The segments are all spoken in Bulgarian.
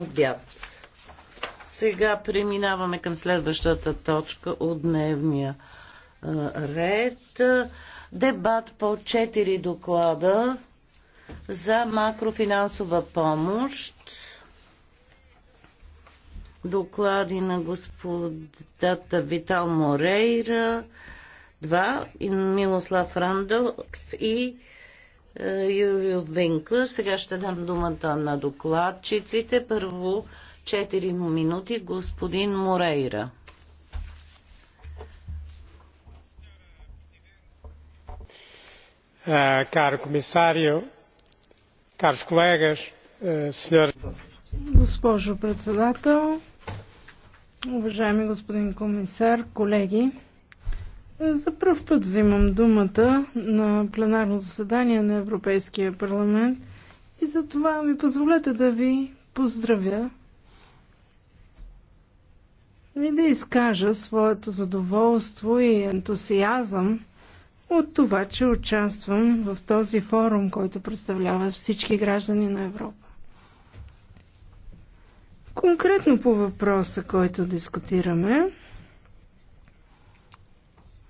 обяд. Сега преминаваме към следващата точка от дневния ред. Дебат по 4 доклада за макрофинансова помощ. Доклади на господата Витал Морейра, 2, Милослав Рандълф и Юрио Винклер. Сега ще дам думата на докладчиците. Първо 4 минути господин Морейра. Е, каро комисарио, caros colegas, е, сеньор. Госпожо председател, уважаеми господин комисар, колеги, за първ път взимам думата на пленарно заседание на Европейския парламент и за това ми позволете да ви поздравя и да изкажа своето задоволство и ентусиазъм от това, че участвам в този форум, който представлява всички граждани на Европа. Конкретно по въпроса, който дискутираме,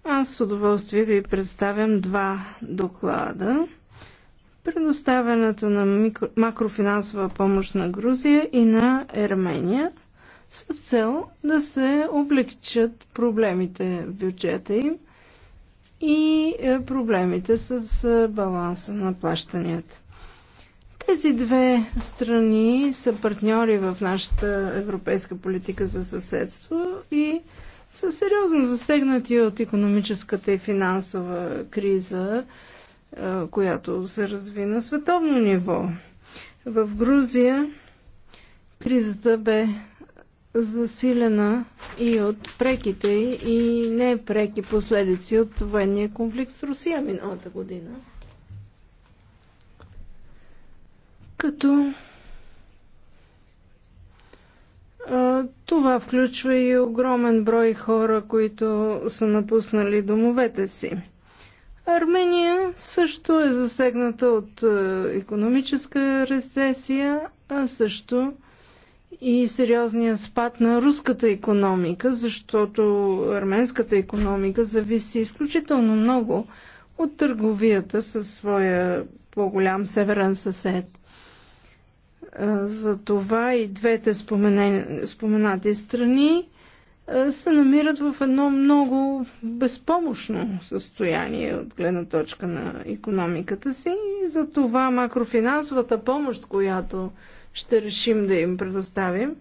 аз с удоволствие ви представям два доклада. Предоставянето на микро... макрофинансова помощ на Грузия и на Ермения с цел да се облегчат проблемите в бюджета им и е, проблемите с баланса на плащанията. Тези две страни са партньори в нашата европейска политика за съседство и са сериозно засегнати от економическата и финансова криза, която се разви на световно ниво. В Грузия кризата бе засилена и от преките и непреки последици от военния конфликт с Русия миналата година. Като това включва и огромен брой хора, които са напуснали домовете си. Армения също е засегната от економическа рецесия, а също и сериозния спад на руската економика, защото арменската економика зависи изключително много от търговията със своя по-голям северен съсед – за това и двете споменати страни се намират в едно много безпомощно състояние от гледна точка на економиката си и за това макрофинансовата помощ, която ще решим да им предоставим,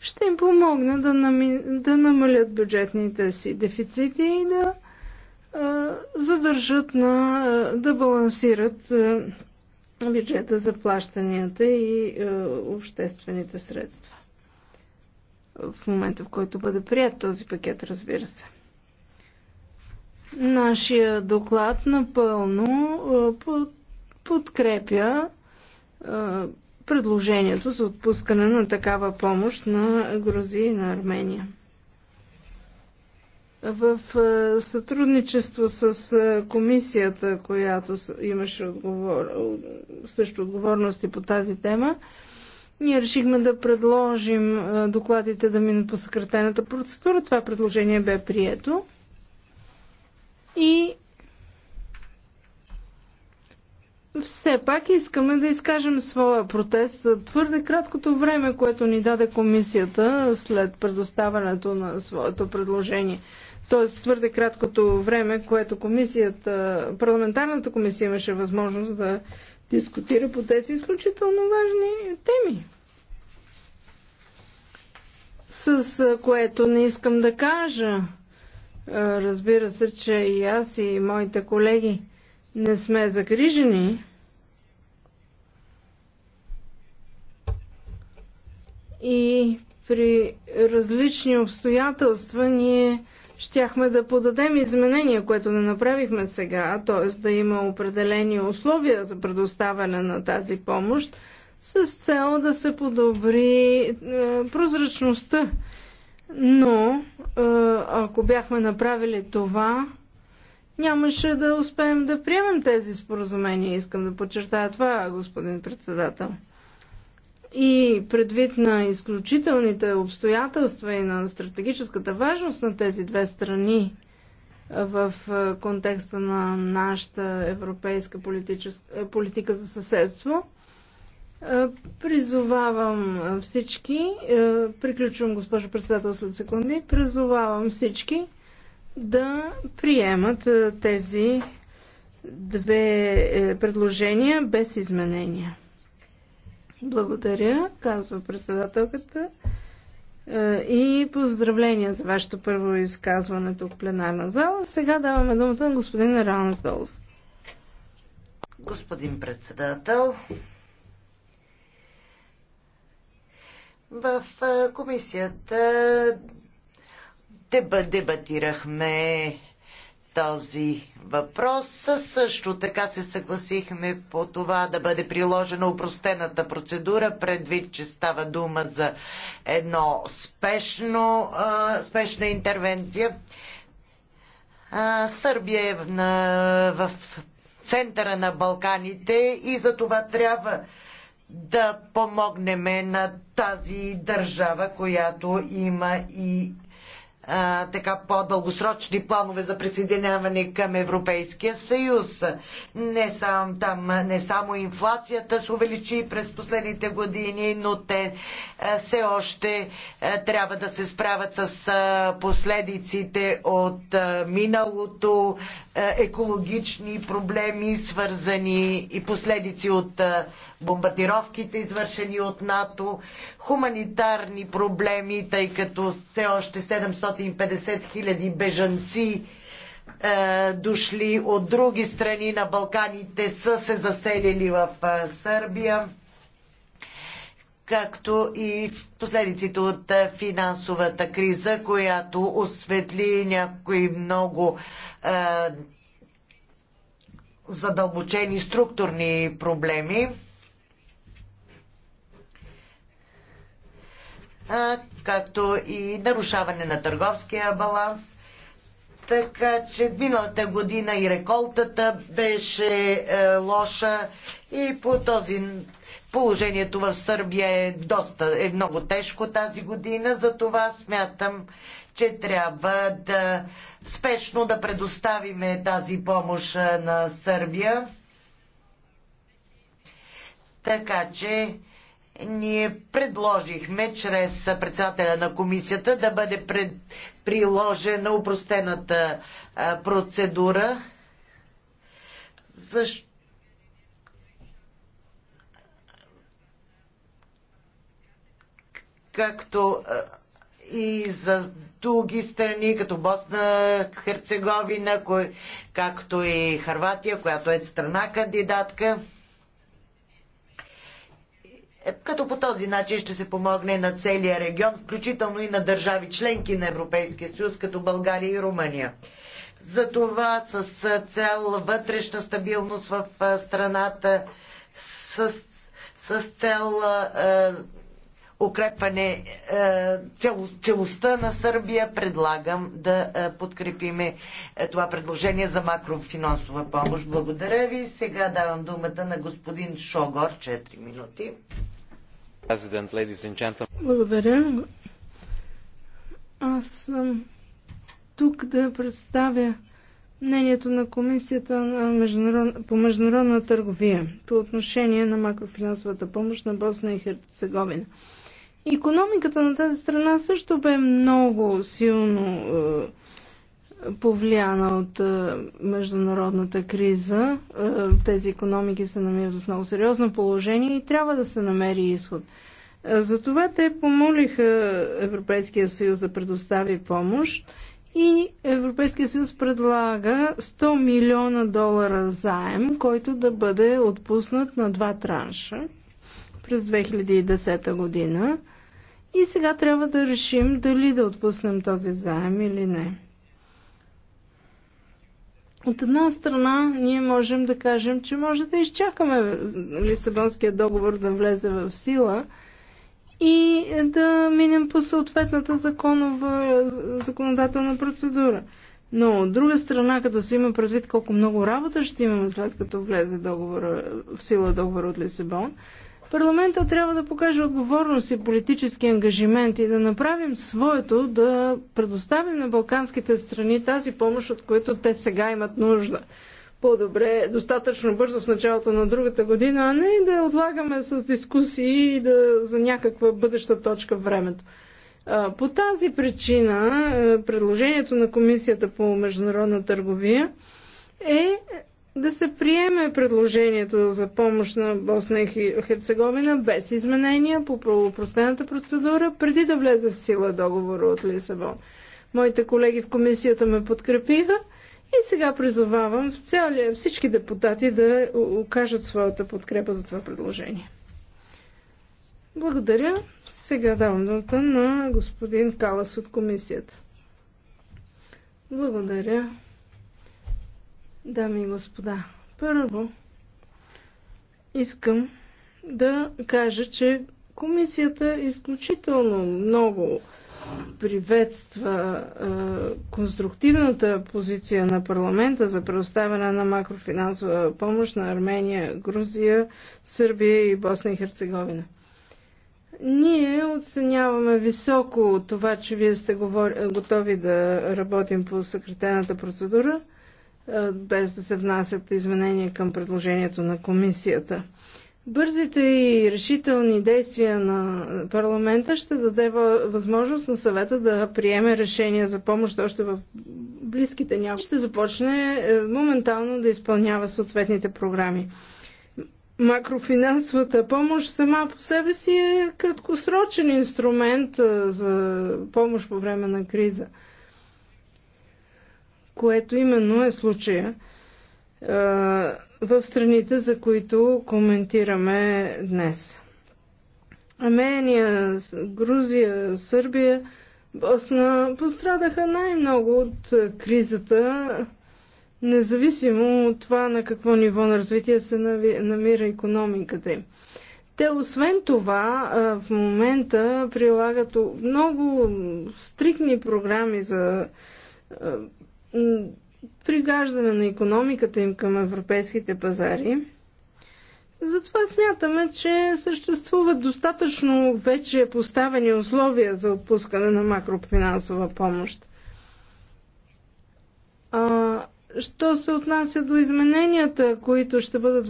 ще им помогне да, нами, да намалят бюджетните си дефицити и да а, задържат на, да балансират а, бюджета за плащанията и е, обществените средства. В момента, в който бъде прият този пакет, разбира се. Нашия доклад напълно е, подкрепя е, предложението за отпускане на такава помощ на Грузия и на Армения. В е, сътрудничество с е, комисията, която имаше отговор... също отговорности по тази тема, ние решихме да предложим е, докладите да минат по съкратената процедура. Това предложение бе прието. И все пак искаме да изкажем своя протест за твърде краткото време, което ни даде комисията след предоставянето на своето предложение т.е. твърде краткото време, което комисията, парламентарната комисия имаше възможност да дискутира по тези изключително важни теми. С което не искам да кажа, разбира се, че и аз и моите колеги не сме загрижени, и при различни обстоятелства ние щяхме да подадем изменения, което не направихме сега, т.е. да има определени условия за предоставяне на тази помощ с цел да се подобри е, прозрачността. Но е, ако бяхме направили това, нямаше да успеем да приемем тези споразумения. Искам да подчертая това, господин председател и предвид на изключителните обстоятелства и на стратегическата важност на тези две страни в контекста на нашата европейска политика за съседство, призовавам всички, приключвам госпожо председател след секунди, призовавам всички да приемат тези две е, предложения без изменения. Благодаря, казва председателката. Е, и поздравления за вашето първо изказване тук в пленарна зала. Сега даваме думата на господин Ранатолов. Господин председател, в е, комисията дебатирахме този въпрос. Също така се съгласихме по това да бъде приложена упростената процедура, предвид, че става дума за едно спешно, а, спешна интервенция. А, Сърбия е в, на, в центъра на Балканите и за това трябва да помогнем на тази държава, която има и а, така по-дългосрочни планове за присъединяване към Европейския съюз. Не, сам, там, не само инфлацията се увеличи през последните години, но те все още а, трябва да се справят с а, последиците от а, миналото, а, екологични проблеми, свързани и последици от а, бомбардировките, извършени от НАТО, хуманитарни проблеми, тъй като все още 700 450 хиляди бежанци, е, дошли от други страни на Балканите, са се заселили в е, Сърбия както и в последиците от е, финансовата криза, която осветли някои много е, задълбочени структурни проблеми. както и нарушаване на търговския баланс. Така че миналата година и реколтата беше е, лоша и по този положението в Сърбия е, доста, е много тежко тази година. Затова смятам, че трябва да спешно да предоставиме тази помощ е, на Сърбия. Така че ние предложихме чрез председателя на комисията да бъде пред, приложена упростената а, процедура. Защо? Както и за други страни, като Босна, Херцеговина, както и Харватия, която е страна кандидатка като по този начин ще се помогне на целия регион, включително и на държави членки на Европейския съюз, като България и Румъния. Затова с цел вътрешна стабилност в страната, с, с цел е, укрепване е, цел, целостта на Сърбия, предлагам да е, подкрепиме това предложение за макрофинансова помощ. Благодаря ви. Сега давам думата на господин Шогор. 4 минути. Благодаря. Аз съм тук да представя мнението на Комисията на международ... по международна търговия по отношение на макрофинансовата помощ на Босна и Херцеговина. Економиката на тази страна също бе много силно е, повлияна от е, международната криза. Е, тези економики се намират в много сериозно положение и трябва да се намери изход. Е, Затова те помолиха Европейския съюз да предостави помощ и Европейския съюз предлага 100 милиона долара заем, който да бъде отпуснат на два транша през 2010 година. И сега трябва да решим дали да отпуснем този заем или не. От една страна, ние можем да кажем, че може да изчакаме нали, Лисабонския договор да влезе в сила и да минем по съответната законова, законодателна процедура. Но от друга страна, като се има предвид колко много работа ще имаме след като влезе договора, в сила договора от Лисабон, Парламента трябва да покаже отговорност и политически ангажимент и да направим своето да предоставим на балканските страни тази помощ, от която те сега имат нужда. По-добре, достатъчно бързо в началото на другата година, а не да отлагаме с дискусии и да, за някаква бъдеща точка в времето. По тази причина е, предложението на Комисията по международна търговия е да се приеме предложението за помощ на Босна и Херцеговина без изменения по правопростената процедура, преди да влезе в сила договора от Лисабон. Моите колеги в комисията ме подкрепиха и сега призовавам всички депутати да окажат своята подкрепа за това предложение. Благодаря. Сега давам думата на господин Калас от комисията. Благодаря. Дами и господа, първо искам да кажа, че комисията изключително много приветства е, конструктивната позиция на парламента за предоставяне на макрофинансова помощ на Армения, Грузия, Сърбия и Босна и Херцеговина. Ние оценяваме високо това, че вие сте готови да работим по съкретената процедура – без да се внасят изменения към предложението на комисията. Бързите и решителни действия на парламента ще даде възможност на съвета да приеме решение за помощ още в близките няколко. Ще започне е, моментално да изпълнява съответните програми. Макрофинансовата помощ сама по себе си е краткосрочен инструмент е, за помощ по време на криза – което именно е случая в страните, за които коментираме днес. Амения, Грузия, Сърбия, Босна пострадаха най-много от кризата, независимо от това на какво ниво на развитие се намира економиката им. Те освен това в момента прилагат много стрикни програми за пригаждане на економиката им към европейските пазари. Затова смятаме, че съществуват достатъчно вече поставени условия за отпускане на макрофинансова помощ. А, що се отнася до измененията, които ще бъдат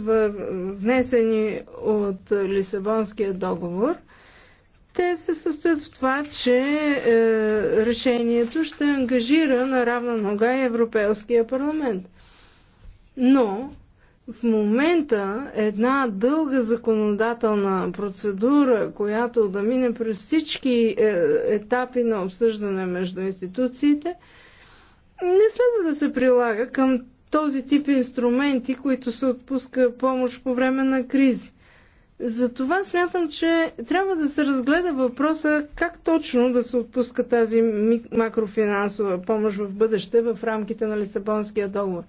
внесени от Лисабонския договор, те се състоят в това, че е, решението ще ангажира на равна нога и Европейския парламент. Но в момента една дълга законодателна процедура, която да мине през всички е, етапи на обсъждане между институциите, не следва да се прилага към този тип инструменти, които се отпуска помощ по време на кризи. Затова смятам, че трябва да се разгледа въпроса как точно да се отпуска тази макрофинансова помощ в бъдеще в рамките на Лисабонския договор.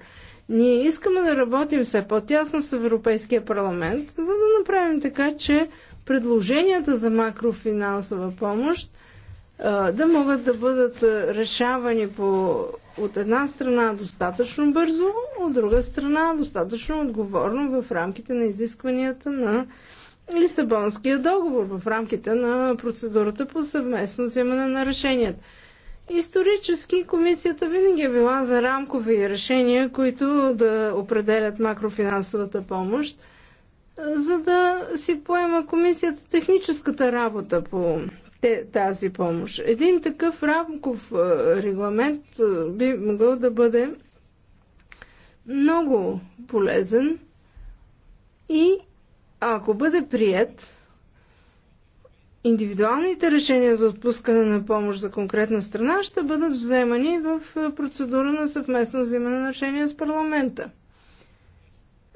Ние искаме да работим все по-тясно с Европейския парламент, за да направим така, че предложенията за макрофинансова помощ да могат да бъдат решавани по, от една страна достатъчно бързо, от друга страна достатъчно отговорно в рамките на изискванията на Лисабонския договор, в рамките на процедурата по съвместно вземане на решенията. Исторически комисията винаги е била за рамкови решения, които да определят макрофинансовата помощ, за да си поема комисията техническата работа по е тази помощ. Един такъв рамков е, регламент е, би могъл да бъде много полезен и ако бъде прият, индивидуалните решения за отпускане на помощ за конкретна страна ще бъдат вземани в процедура на съвместно взимане на решение с парламента –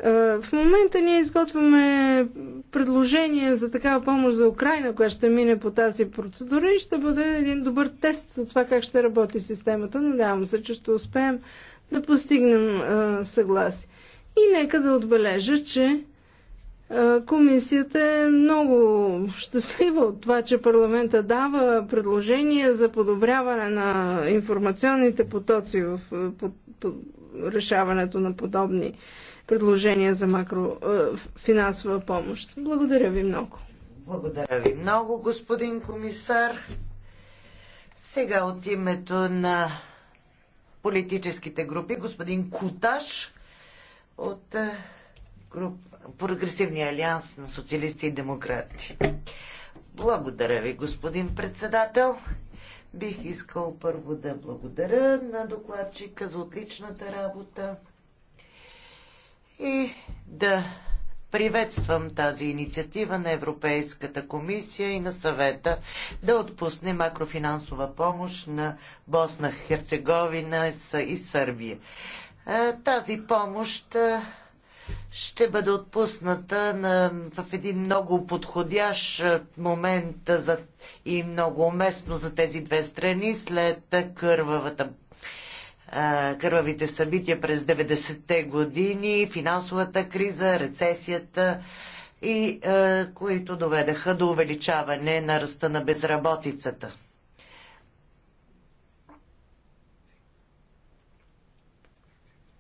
е, в момента ние изготвяме предложение за такава помощ за Украина, която ще мине по тази процедура и ще бъде един добър тест за това как ще работи системата. Надявам се, че ще успеем да постигнем е, съгласие. И нека да отбележа, че е, Комисията е много щастлива от това, че парламента дава предложения за подобряване на информационните потоци в решаването на подобни предложения за макрофинансова помощ. Благодаря ви много. Благодаря ви много, господин комисар. Сега от името на политическите групи, господин Куташ от груп, Прогресивния алианс на социалисти и демократи. Благодаря ви, господин председател. Бих искал първо да благодаря на докладчика за отличната работа и да приветствам тази инициатива на Европейската комисия и на съвета да отпусне макрофинансова помощ на Босна, Херцеговина и Сърбия. Тази помощ ще бъде отпусната на, в един много подходящ момент за, и много уместно за тези две страни след кървавата кървавите събития през 90-те години, финансовата криза, рецесията и които доведаха до увеличаване на ръста на безработицата.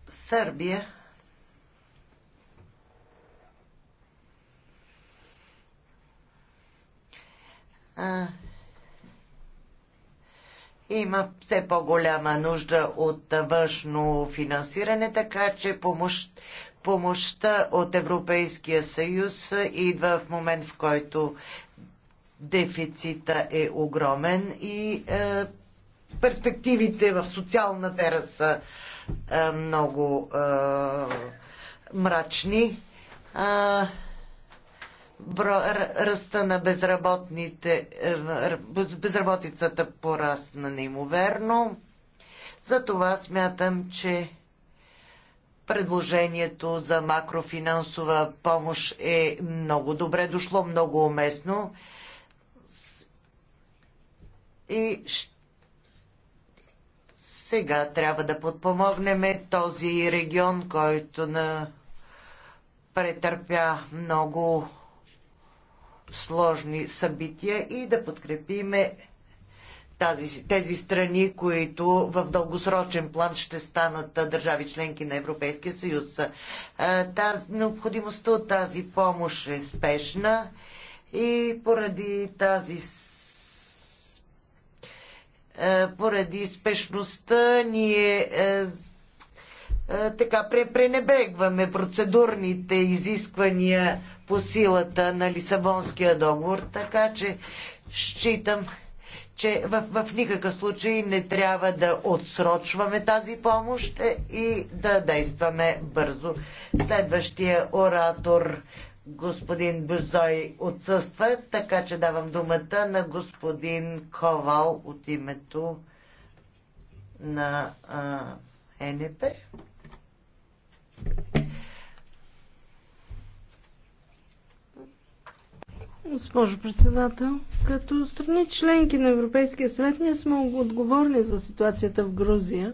Сърбия а, има все по-голяма нужда от външно финансиране, така че помощ, помощта от Европейския съюз идва в момент, в който дефицита е огромен и е, перспективите в социална тера са е, много е, мрачни. А, ръста на безработните, е, безработицата порасна неимоверно. Затова смятам, че предложението за макрофинансова помощ е много добре дошло, много уместно и сега трябва да подпомогнем този регион, който на претърпя много сложни събития и да подкрепиме тази, тези страни, които в дългосрочен план ще станат държави членки на Европейския съюз. Тази, необходимостта от тази помощ е спешна и поради тази поради спешността ние е, така пренебрегваме процедурните изисквания по силата на Лисабонския договор, така че считам, че в, в никакъв случай не трябва да отсрочваме тази помощ е, и да действаме бързо. Следващия оратор господин Бюзой отсъства, така че давам думата на господин Ковал от името на а, НП. Госпожо председател, като страни членки на Европейския съвет ние сме отговорни за ситуацията в Грузия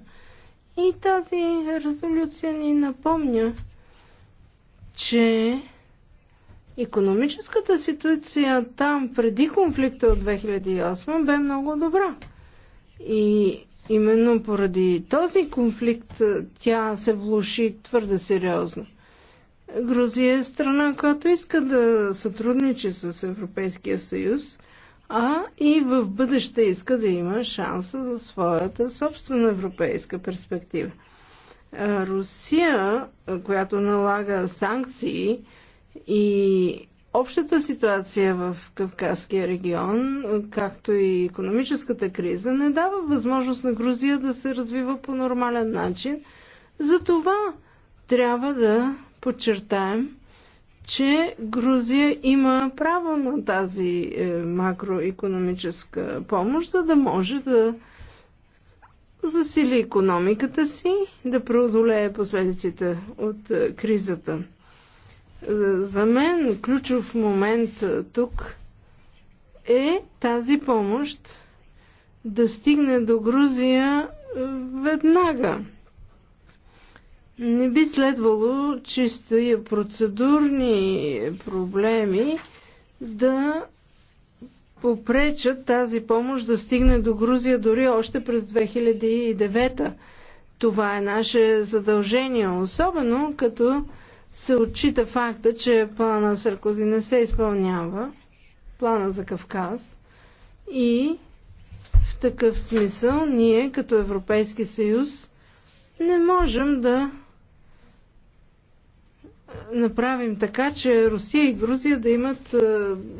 и тази резолюция ни напомня, че економическата ситуация там преди конфликта от 2008 бе много добра. И Именно поради този конфликт тя се влуши твърде сериозно. Грузия е страна, която иска да сътрудничи с Европейския съюз, а и в бъдеще иска да има шанса за своята собствена европейска перспектива. Русия, която налага санкции и Общата ситуация в Кавказския регион, както и економическата криза, не дава възможност на Грузия да се развива по нормален начин. Затова трябва да подчертаем, че Грузия има право на тази е, макроекономическа помощ, за да може да засили економиката си, да преодолее последиците от е, кризата. За мен ключов момент тук е тази помощ да стигне до Грузия веднага. Не би следвало чисти процедурни проблеми да попречат тази помощ да стигне до Грузия дори още през 2009. Това е наше задължение, особено като се отчита факта, че плана Саркози не се изпълнява, плана за Кавказ, и в такъв смисъл ние като Европейски съюз не можем да направим така, че Русия и Грузия да имат е,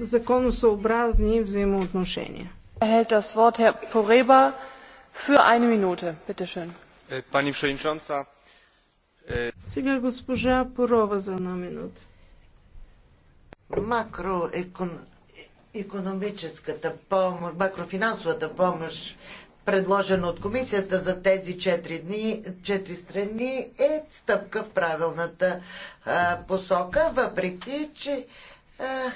законосъобразни взаимоотношения. Е, е, пани Przewodnicząca, сега госпожа Порова за една минута. Макроекономическата помощ, макрофинансовата помощ, предложена от комисията за тези 4 дни, 4 страни е стъпка в правилната а, посока, въпреки, че а,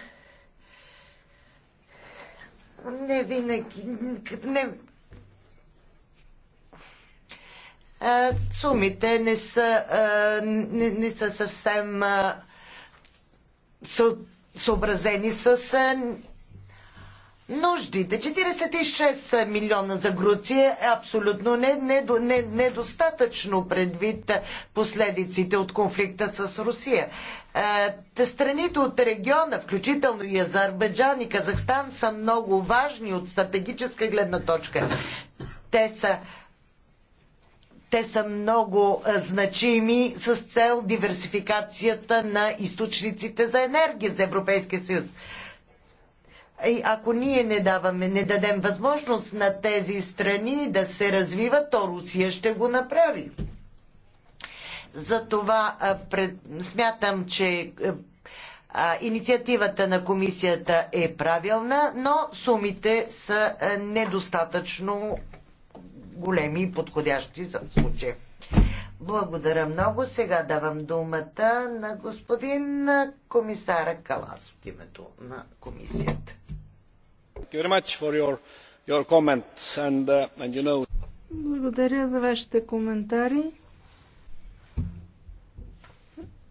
не винаги, не, сумите не са, не, не са съвсем съобразени с нуждите. 46 милиона за Груция е абсолютно недостатъчно не, не, не предвид последиците от конфликта с Русия. страните от региона, включително и Азербайджан и Казахстан, са много важни от стратегическа гледна точка. Те са те са много значими с цел диверсификацията на източниците за енергия за Европейския съюз. И ако ние не, даваме, не дадем възможност на тези страни да се развиват, то Русия ще го направи. Затова пред, смятам, че а, инициативата на комисията е правилна, но сумите са недостатъчно големи и подходящи за случая. Благодаря много. Сега давам думата на господин комисара Калас от името на комисията. Uh, Благодаря за вашите коментари.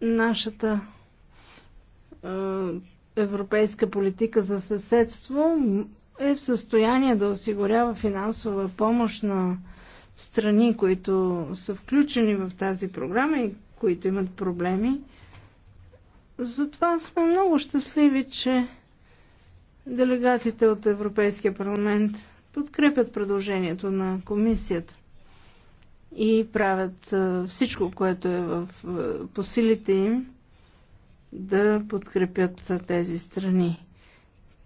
Нашата е, европейска политика за съседство е в състояние да осигурява финансова помощ на страни, които са включени в тази програма и които имат проблеми. Затова сме много щастливи, че делегатите от Европейския парламент подкрепят предложението на комисията и правят всичко, което е в посилите им да подкрепят тези страни.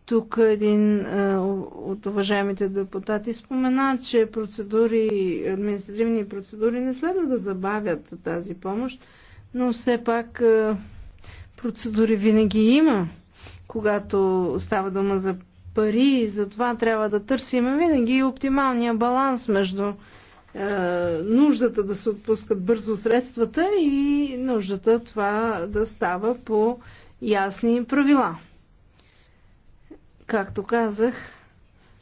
Тук един е, от уважаемите депутати спомена, че процедури, административни процедури не следва да забавят тази помощ, но все пак е, процедури винаги има, когато става дума за пари и затова трябва да търсим винаги оптималния баланс между е, нуждата да се отпускат бързо средствата и нуждата това да става по ясни правила. Както казах,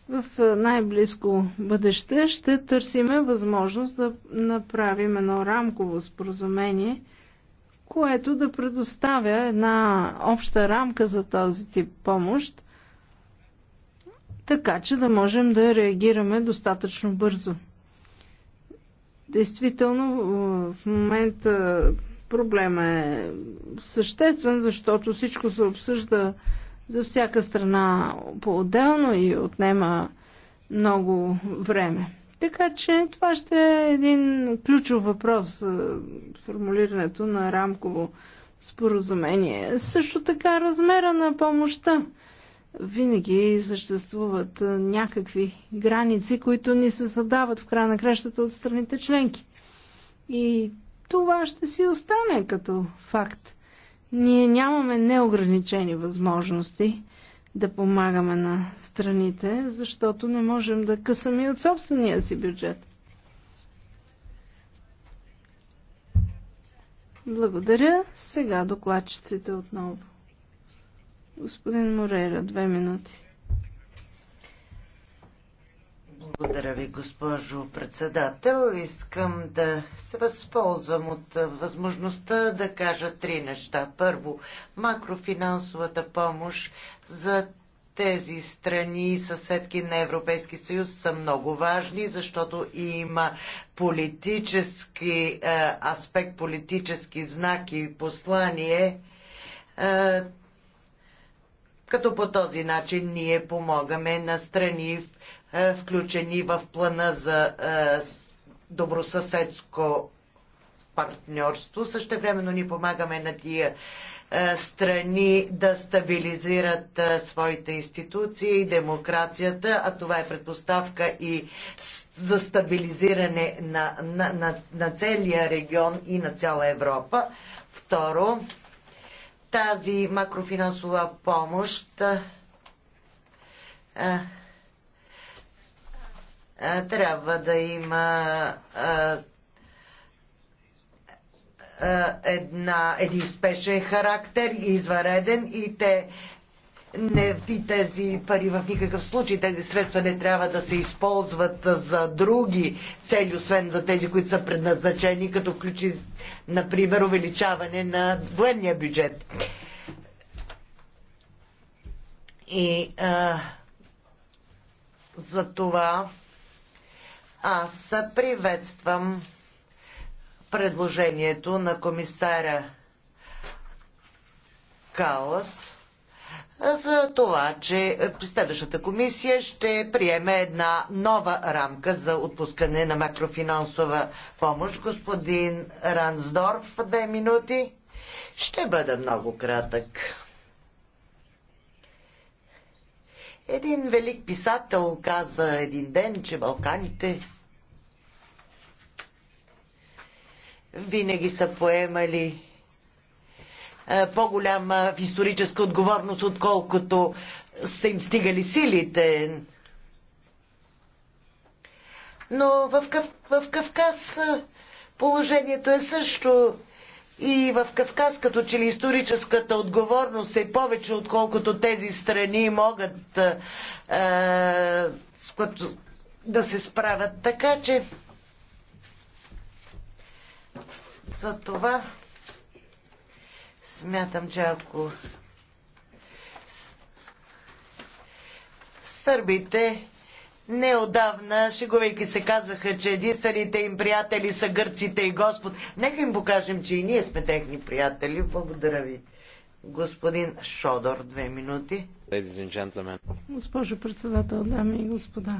в най-близко бъдеще ще търсиме възможност да направим едно рамково споразумение, което да предоставя една обща рамка за този тип помощ, така че да можем да реагираме достатъчно бързо. Действително, в момента проблема е съществен, защото всичко се обсъжда за всяка страна по-отделно и отнема много време. Така че това ще е един ключов въпрос за е, формулирането на рамково споразумение. Също така размера на помощта. Винаги съществуват е, някакви граници, които ни се задават в края на кращата от страните членки. И това ще си остане като факт. Ние нямаме неограничени възможности да помагаме на страните, защото не можем да късаме и от собствения си бюджет. Благодаря. Сега докладчиците отново. Господин Морера, две минути. Благодаря ви, госпожо председател. Искам да се възползвам от възможността да кажа три неща. Първо, макрофинансовата помощ за тези страни и съседки на Европейски съюз са много важни, защото има политически е, аспект, политически знак и послание е, като по този начин ние помогаме на страни е, включени в плана за е, добросъседско партньорство. Също времено ни помагаме на тия е, страни да стабилизират своите институции и демокрацията, а това е предпоставка и за стабилизиране на, на, на, на целия регион и на цяла Европа. Второ, тази макрофинансова помощ трябва да има една, един спешен характер, извареден и те не, и тези пари в никакъв случай, тези средства не трябва да се използват за други цели, освен за тези, които са предназначени, като включи, например, увеличаване на военния бюджет. И а, за това аз приветствам предложението на комисаря Калас за това, че следващата комисия ще приеме една нова рамка за отпускане на макрофинансова помощ. Господин Рансдорф, две минути. Ще бъда много кратък. Един велик писател каза един ден, че Балканите винаги са поемали е, по-голяма в историческа отговорност, отколкото са им стигали силите. Но в, Кав... в Кавказ е, положението е също и в Кавказ, като че ли историческата отговорност е повече, отколкото тези страни могат е, е да се справят. Така че за това смятам, че ако сърбите Неодавна, шегувайки се, казваха, че единствените им приятели са гърците и Господ. Нека им покажем, че и ние сме техни приятели. Благодаря ви. Господин Шодор, две минути. Госпожо председател, дами и господа.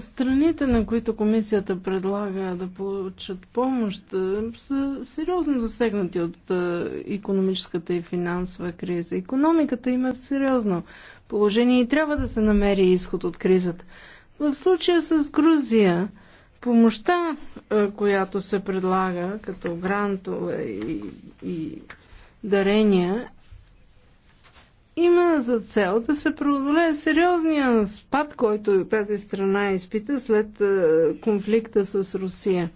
Страните, на които комисията предлага да получат помощ, е, са сериозно засегнати от економическата и финансова криза. Економиката им е сериозно положение и трябва да се намери изход от кризата. В случая с Грузия, помощта, която се предлага като грантове и, и дарения, има за цел да се преодолее сериозния спад, който тази страна изпита след конфликта с Русия.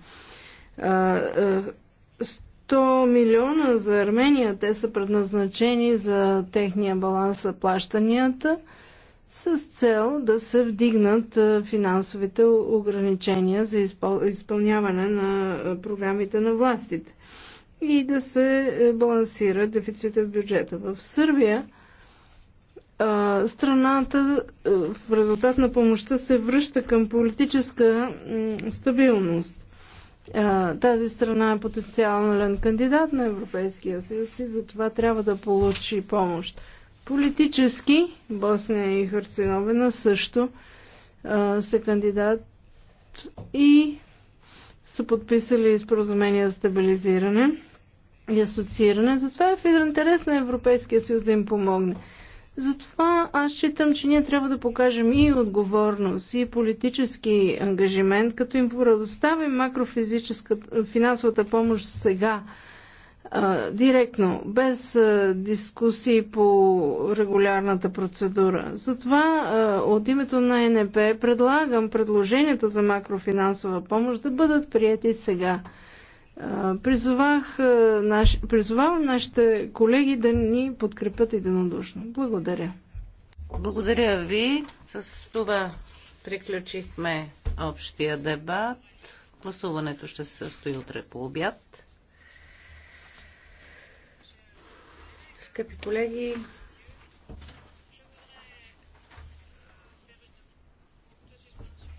100 милиона за Армения, те са предназначени за техния баланс за плащанията с цел да се вдигнат финансовите ограничения за изпълняване на програмите на властите и да се е, балансира дефицита в бюджета. В Сърбия страната в резултат на помощта се връща към политическа стабилност тази страна е потенциален кандидат на Европейския съюз и затова трябва да получи помощ. Политически Босния и Херцеговина също а, са кандидат и са подписали споразумение за стабилизиране и асоцииране. Затова е в интерес на Европейския съюз да им помогне. Затова аз считам, че ние трябва да покажем и отговорност, и политически ангажимент, като им предоставим макрофизическата финансовата помощ сега, а, директно, без а, дискусии по регулярната процедура. Затова а, от името на НП предлагам предложенията за макрофинансова помощ да бъдат прияти сега. Призовах, наш, призовавам нашите колеги да ни подкрепят единодушно. Благодаря. Благодаря ви. С това приключихме общия дебат. Гласуването ще се състои утре по обяд. Скъпи колеги,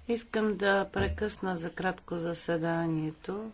искам да прекъсна за кратко заседанието.